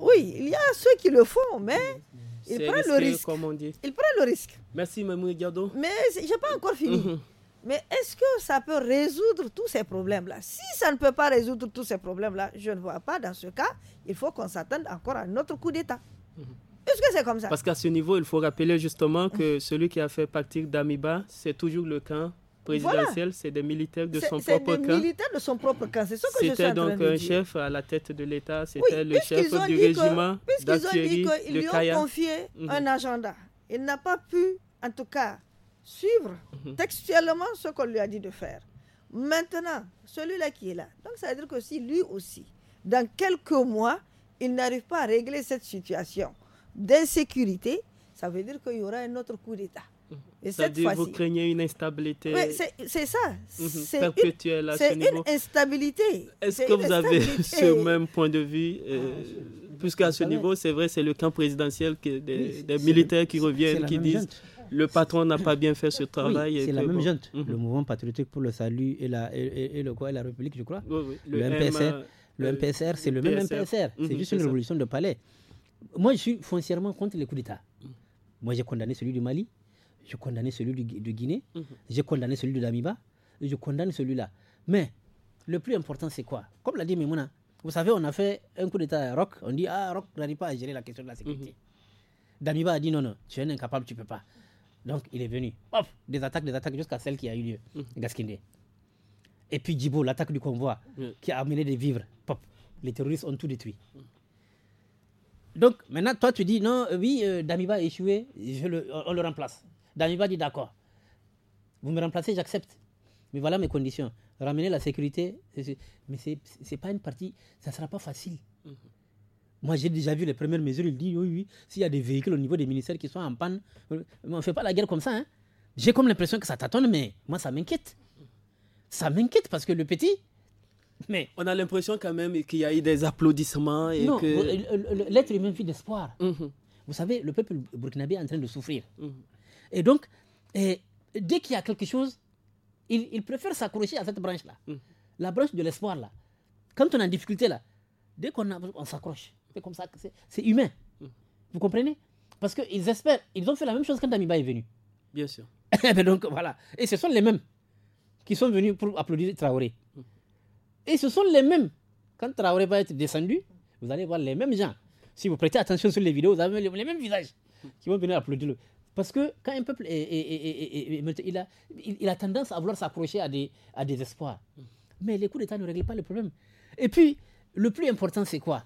Speaker 2: Oui, il y a ceux qui le font, mais ils prennent le risque. le risque. Merci, Mamoui Giado. Mais je n'ai pas encore fini. Mhm. Mais est-ce que ça peut résoudre tous ces problèmes-là Si ça ne peut pas résoudre tous ces problèmes-là, je ne vois pas dans ce cas, il faut qu'on s'attende encore à un autre coup d'État. Mhm. Est-ce que c'est comme ça Parce
Speaker 1: qu'à ce niveau, il faut rappeler justement que ah. celui qui a fait partir d'Amiba, c'est toujours le camp présidentielle, c'est des militaires de son propre camp. C'est des militaires
Speaker 2: de son propre camp, c'est ce que je suis C'était donc un chef
Speaker 1: à la tête de l'État, c'était le chef du régiment dit qu'ils lui ont confié
Speaker 2: mhm. un agenda. Il n'a pas pu, en tout cas, suivre mhm. textuellement ce qu'on lui a dit de faire. Maintenant, celui-là qui est là, donc ça veut dire que si lui aussi, dans quelques mois, il n'arrive pas à régler cette situation d'insécurité, ça veut dire qu'il y aura un autre coup d'État. Et ça cette fois Vous craignez
Speaker 1: une instabilité.
Speaker 2: c'est ça. Mhm, perpétuelle à ce niveau. C'est une instabilité. Est-ce que vous avez ce
Speaker 1: même point de vue euh, ah, Puisqu'à ce niveau, c'est vrai, c'est le camp présidentiel que des, militaires qui reviennent, qui disent le patron n'a pas bien fait ce travail. c'est la même junte. Mhm. Le
Speaker 3: mouvement patriotique pour le salut et la, et, le, quoi, la République, je crois. Le, le, MPSR. le euh, c'est le, même MPSR. c'est mhm, juste une révolution de palais. Moi, je suis foncièrement contre les coups d'État. Moi, j'ai condamné celui du Mali. Je condamnais celui de Guinée, mhm. j'ai condamné celui de Damiba, je condamne celui-là. Mais le plus important, c'est quoi Comme l'a dit Mimouna, vous savez, on a fait un coup d'État à Rock, on dit Ah, Rock n'arrive pas à gérer la question de la sécurité. Mhm. Damiba a dit Non, non, tu es incapable, tu ne peux pas. Donc il est venu. des attaques, des attaques jusqu'à celle qui a eu lieu, mhm. Gaskindé. Et puis Djibo, l'attaque du convoi qui a amené des vivres. Pop, les terroristes ont tout détruit. Donc maintenant, toi, tu dis Non, oui, euh, Damiba a échoué, on le remplace. Damiba dit d'accord. Vous me remplacez, j'accepte. Mais voilà mes conditions. Ramener la sécurité, mais n'est pas une partie, ça sera pas facile. Mhm. Moi, j'ai déjà vu les premières mesures. Il dit oui, oui, s'il y a des véhicules au niveau des ministères qui sont en panne, on ne fait pas la guerre comme ça. Hein. J'ai comme l'impression que ça tâtonne, mais moi, ça m'inquiète. Ça m'inquiète parce que le petit.
Speaker 1: Mais on a l'impression quand même qu'il y a eu des applaudissements
Speaker 3: et non, l'être humain vit d'espoir. Mhm. Vous savez, le peuple burkinabé est en train de souffrir. Mhm. Et donc, dès qu'il y a quelque chose, ils, préfèrent s'accrocher à cette branche-là, mm. la branche de l'espoir là. Quand on a une difficulté là, dès qu'on on s'accroche, c'est comme ça, que c'est humain. Mm. Vous comprenez Parce qu'ils espèrent, ils ont fait la même chose quand Damiba est venu. Bien sûr. Et donc voilà. Et ce sont les mêmes qui sont venus pour applaudir Traoré. Mm. Et ce sont les mêmes. Quand Traoré va être descendu, vous allez voir les mêmes gens. Si vous prêtez attention sur les vidéos, vous avez les mêmes visages qui vont venir applaudir. Parce que quand un peuple est, il, a, il, a tendance à vouloir s'accrocher à des, à des espoirs. Mm. Mais les coups d'État ne règlent pas le problème. Et puis, le plus important, c'est quoi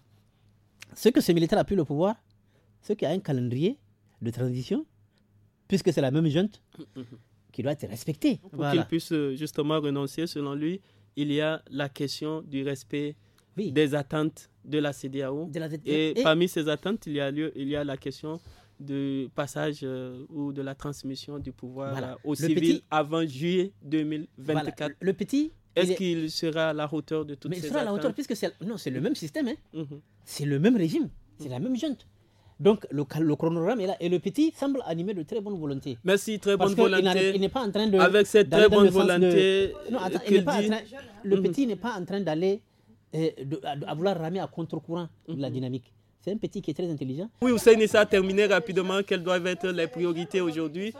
Speaker 3: Ce que ce militaire a pris le pouvoir, ce qui a un calendrier de transition, puisque c'est la même junte, mm-hmm. qui doit être respectée. Pour qu'il
Speaker 1: puisse euh, justement renoncer, selon lui, il y a la question du respect des attentes de la CDAO. Et, parmi ces attentes, il y a, lieu, il y a la question de passage euh, ou de la transmission du pouvoir euh, au civil avant juillet 2024. Le
Speaker 3: petit est-ce qu'il sera à la hauteur de toutes Mais ces il sera à la hauteur puisque c'est non, c'est le même système, hein. Mhm. c'est le même régime, c'est la même junte. Donc le, le, chronogramme est là et le petit semble animé de très bonne volonté. Merci, très bonne Parce volonté. n'est pas en train de. Avec cette très bonne volonté. non, euh, attends, il pas dit... le mhm. petit n'est pas en train d'aller à, vouloir ramer à contre-courant mhm. la dynamique un petit qui est très intelligent.
Speaker 1: Oui, Hussein ça a terminé rapidement. Quelles doivent être les priorités aujourd'hui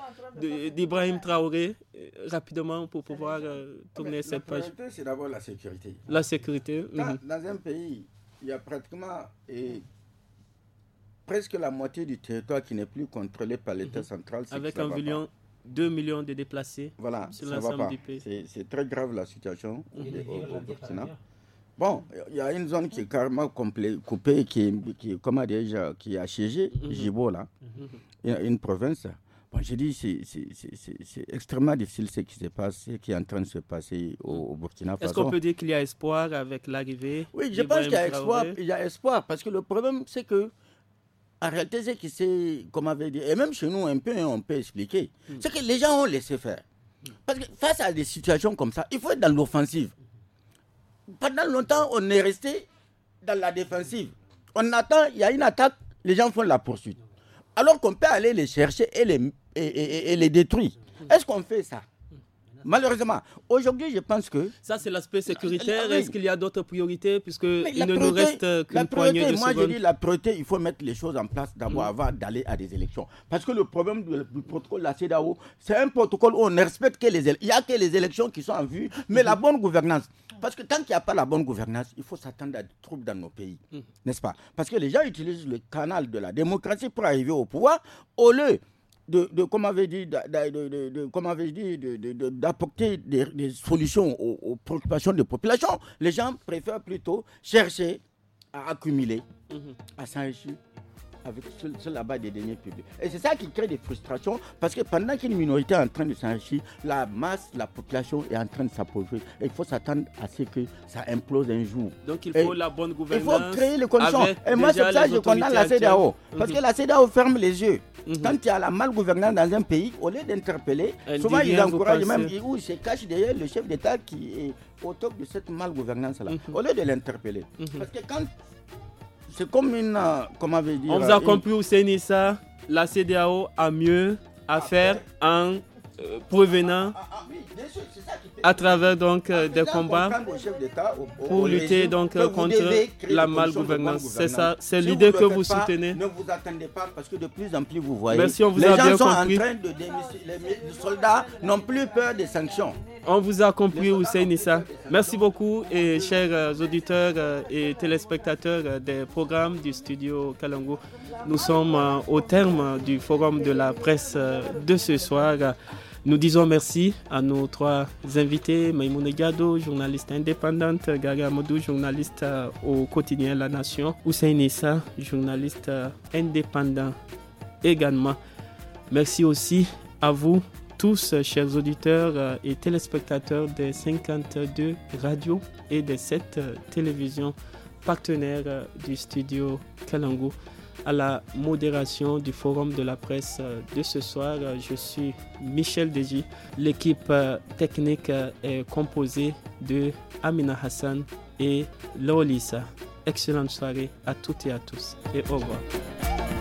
Speaker 1: d'Ibrahim Traoré, euh, rapidement, pour pouvoir euh, tourner cette page C'est
Speaker 4: d'abord la sécurité. La sécurité. Dans, mhm. dans un pays, il y a pratiquement et presque la moitié du territoire qui n'est plus contrôlé par l'État mhm. central. Avec environ 2 millions de déplacés voilà, sur l'ensemble du pays. C'est très grave la situation mhm. au Burkina. Bon, il y a une zone qui est carrément coupée, qui, qui, comment dire, qui est assiégée, Jibo, mhm. mhm. là, une province. Bon, j'ai dit, c'est extrêmement difficile ce qui se passe, ce qui est en train de se passer au, Burkina Faso. Est-ce qu'on peut
Speaker 1: dire qu'il y a espoir avec l'arrivée Oui, je pense qu'il y, a espoir, il
Speaker 4: y a espoir, parce que le problème, c'est que, en réalité, c'est que c'est, comme avait dit, et même chez nous, un peu, hein, on peut expliquer, hmm. c'est que les gens ont laissé faire. Parce que face à des situations comme ça, il faut être dans l'offensive pendant longtemps, on est resté dans la défensive. On attend, il y a une attaque, les gens font la poursuite. Alors qu'on peut aller les chercher et les, détruire. Est-ce qu'on fait ça Malheureusement, aujourd'hui, je pense que.
Speaker 1: Ça, c'est l'aspect sécuritaire. Est-ce qu'il y a d'autres priorités Puisque il ne nous reste qu'une poignée de moi, Moi, je dis la
Speaker 4: priorité, il faut mettre les choses en place d'abord mhm. avant d'aller à des élections. Parce que le problème du, protocole de la CEDAO, c'est un protocole où on ne respecte que les élections. Il n'y a que les élections qui sont en vue, mais la mhm. bonne gouvernance. Parce que tant qu'il n'y a pas la bonne gouvernance, il faut s'attendre à des troubles dans nos pays. Mhm. N'est-ce pas Parce que les gens utilisent le canal de la démocratie pour arriver au pouvoir au lieu de, comme avait dit, d'apporter des, des, solutions aux, préoccupations des populations. Les gens préfèrent plutôt chercher à accumuler, mhm. à s'enrichir avec ceux, là-bas des deniers publics. Et c'est ça qui crée des frustrations parce que pendant qu'une minorité est en train de s'enrichir, la masse, la population est en train de s'appauvrir. Et il faut s'attendre à ce que ça implose un jour. Donc il faut la bonne gouvernance. Il faut créer les conditions. Et moi, c'est ça je condamne la CEDAO. Parce mhm. que la CEDAO ferme les yeux. Mhm. Quand il y a la mal gouvernance dans un pays, au lieu d'interpeller, souvent ils encouragent même, ou ils se cachent derrière le chef d'État qui est au top de cette mal gouvernance-là, mhm. au lieu de l'interpeller. Parce que quand c'est comme une. Euh, comme avait dit. On vous a euh, compris, au ça.
Speaker 1: La CDAO a mieux à ah, faire en euh, provenant prévenant. Ah, ah, à travers donc euh, des combats pour lutter donc contre la malgouvernance. C'est ça, c'est l'idée que vous soutenez. Ne
Speaker 4: vous attendez pas parce que de plus en plus vous voyez. les gens sont en train de les soldats n'ont plus peur des sanctions. On vous a compris,
Speaker 1: Hussein Issa. Merci beaucoup et chers euh, auditeurs euh, et téléspectateurs des programmes du studio Kalango. Nous sommes au terme du forum de la presse de ce soir. Nous disons merci à nos trois invités, Maïmoune Gado, journaliste indépendante, Gaga Modou, journaliste euh, au quotidien La Nation, Hussein Issa, journaliste euh, indépendant également. Merci aussi à vous tous, chers auditeurs euh, et téléspectateurs des 52 radios et des 7 télévisions partenaires du studio Kalango à la modération du forum de la presse euh, de ce soir. Euh, je suis Michel Deji. L'équipe euh, technique est composée de Amina Hassan et Laolissa. Excellente soirée à toutes et à tous et au revoir.